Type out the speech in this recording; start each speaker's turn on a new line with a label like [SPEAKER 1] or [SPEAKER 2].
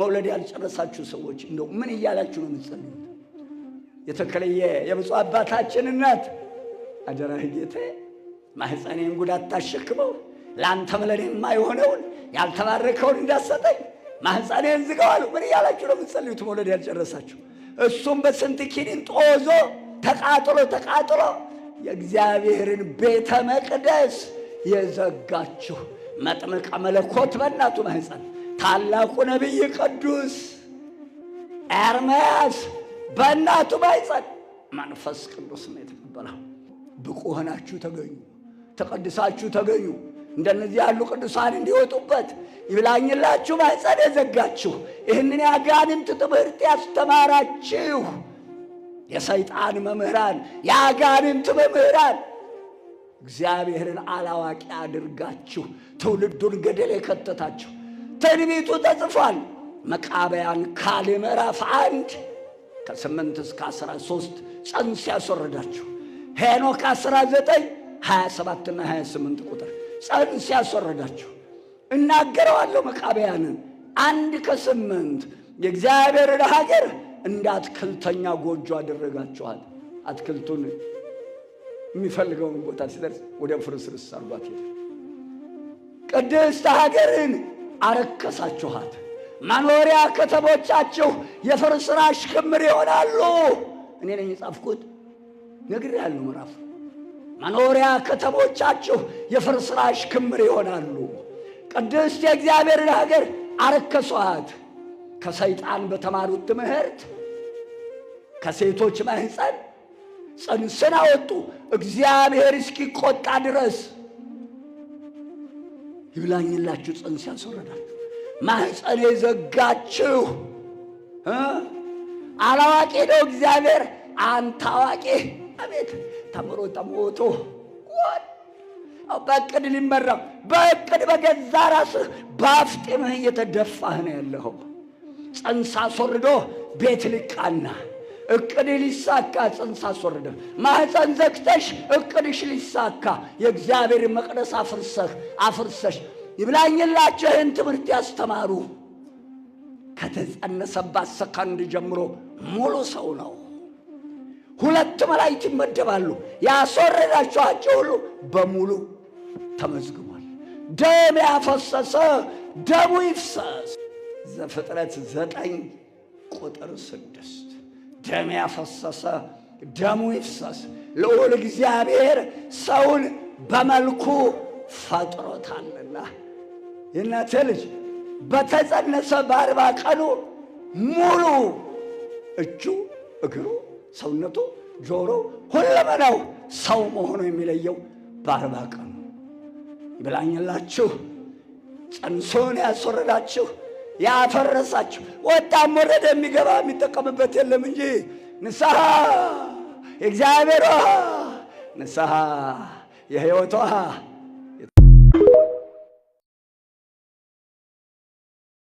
[SPEAKER 1] መውለድ ያልጨረሳችሁ ሰዎች እንደው ምን እያላችሁ ነው የምትጸልዩት? የተከለየ የብፁዕ አባታችን እናት አደራህ ጌቴ ማህፀኔን ጉዳት ታሸክመው ለአንተ ለእኔም የማይሆነውን ያልተባረከውን እንዳሰጠኝ ማህፀኔን ዝገዋሉ። ምን እያላችሁ ነው የምትጸልዩት? መውለድ ያልጨረሳችሁ እሱም በስንት ኪኒን ጦዞ ተቃጥሎ ተቃጥሎ የእግዚአብሔርን ቤተ መቅደስ የዘጋችሁ መጥምቀ መለኮት በእናቱ ማህፀን ታላቁ ነቢይ ቅዱስ ኤርምያስ በእናቱ ባይጸን መንፈስ ቅዱስ ነው የተቀበለው። ብቁ ሆናችሁ ተገኙ፣ ተቀድሳችሁ ተገኙ። እንደነዚህ ያሉ ቅዱሳን እንዲወጡበት ይብላኝላችሁ ማኅፀን የዘጋችሁ ይህንን የአጋንንት ትምህርት ያስተማራችሁ የሰይጣን መምህራን፣ የአጋንንት መምህራን እግዚአብሔርን አላዋቂ አድርጋችሁ ትውልዱን ገደል የከተታችሁ ትንቢቱ ተጽፏል። መቃብያን ካል ምዕራፍ አንድ ከስምንት እስከ አስራ ሶስት ፀንስ ያስወረዳችሁ ሄኖክ አስራ ዘጠኝ ሀያ ሰባትና ሀያ ስምንት ቁጥር ፀንስ ያስወረዳችሁ እናገረዋለሁ። መቃብያንን አንድ ከስምንት የእግዚአብሔርን ሀገር እንደ አትክልተኛ ጎጆ አደረጋችኋል። አትክልቱን የሚፈልገውን ቦታ ሲደርስ ወደ ፍርስርስ አርጓት ቅድስት ሀገርን አረከሳችኋት። መኖሪያ ከተሞቻችሁ የፍርስራሽ ክምር ይሆናሉ። እኔ ነኝ የጻፍኩት፣ ነግሬያለሁ። ምዕራፍ መኖሪያ ከተሞቻችሁ የፍርስራሽ ክምር ይሆናሉ። ቅድስት የእግዚአብሔርን ሀገር አረከሷት። ከሰይጣን በተማሩት ትምህርት ከሴቶች ማህፀን ጽንስን አወጡ። እግዚአብሔር እስኪቆጣ ድረስ ይብላኝላችሁ ጽንስ ያስወረዳችሁ ማህፀን የዘጋችሁ አላዋቂ ነው እግዚአብሔር። አንተ አዋቂ አቤት ተምሮ ተሞቶ በእቅድ ሊመራ በእቅድ በገዛ ራስህ በአፍጢምህ እየተደፋህ ነው ያለኸው። ጽንስ አስወርዶ ቤት ልቃና እቅድ ሊሳካ ጽንስ ማህፀን ዘግተሽ እቅድሽ ሊሳካ የእግዚአብሔር መቅደስ አፍርሰህ አፍርሰሽ ይብላኝላቸው ይህን ትምህርት ያስተማሩ ከተጸነሰባት ሰከንድ ጀምሮ ሙሉ ሰው ነው። ሁለት መላእክት ይመደባሉ። ያስወረዳችኋቸው ሁሉ በሙሉ ተመዝግቧል። ደም ያፈሰሰ ደሙ ይፍሰስ። ዘፍጥረት ዘጠኝ ቁጥር ስድስት ደም ያፈሰሰ ደሙ ይፍሰስ። ልዑል እግዚአብሔር ሰውን በመልኩ ፈጥሮታልና የእናተ ልጅ በተጸነሰ በአርባ ቀኑ ሙሉ እጁ፣ እግሩ፣ ሰውነቱ፣ ጆሮ ሁለመናው ሰው መሆኑ የሚለየው በአርባ ቀኑ ይብላኝላችሁ፣ ጸንሶን ያስወረዳችሁ ያፈረሳችሁ ወጣም ወረደ የሚገባ የሚጠቀምበት የለም እንጂ ንስሐ የእግዚአብሔር ንስሐ የሕይወቷ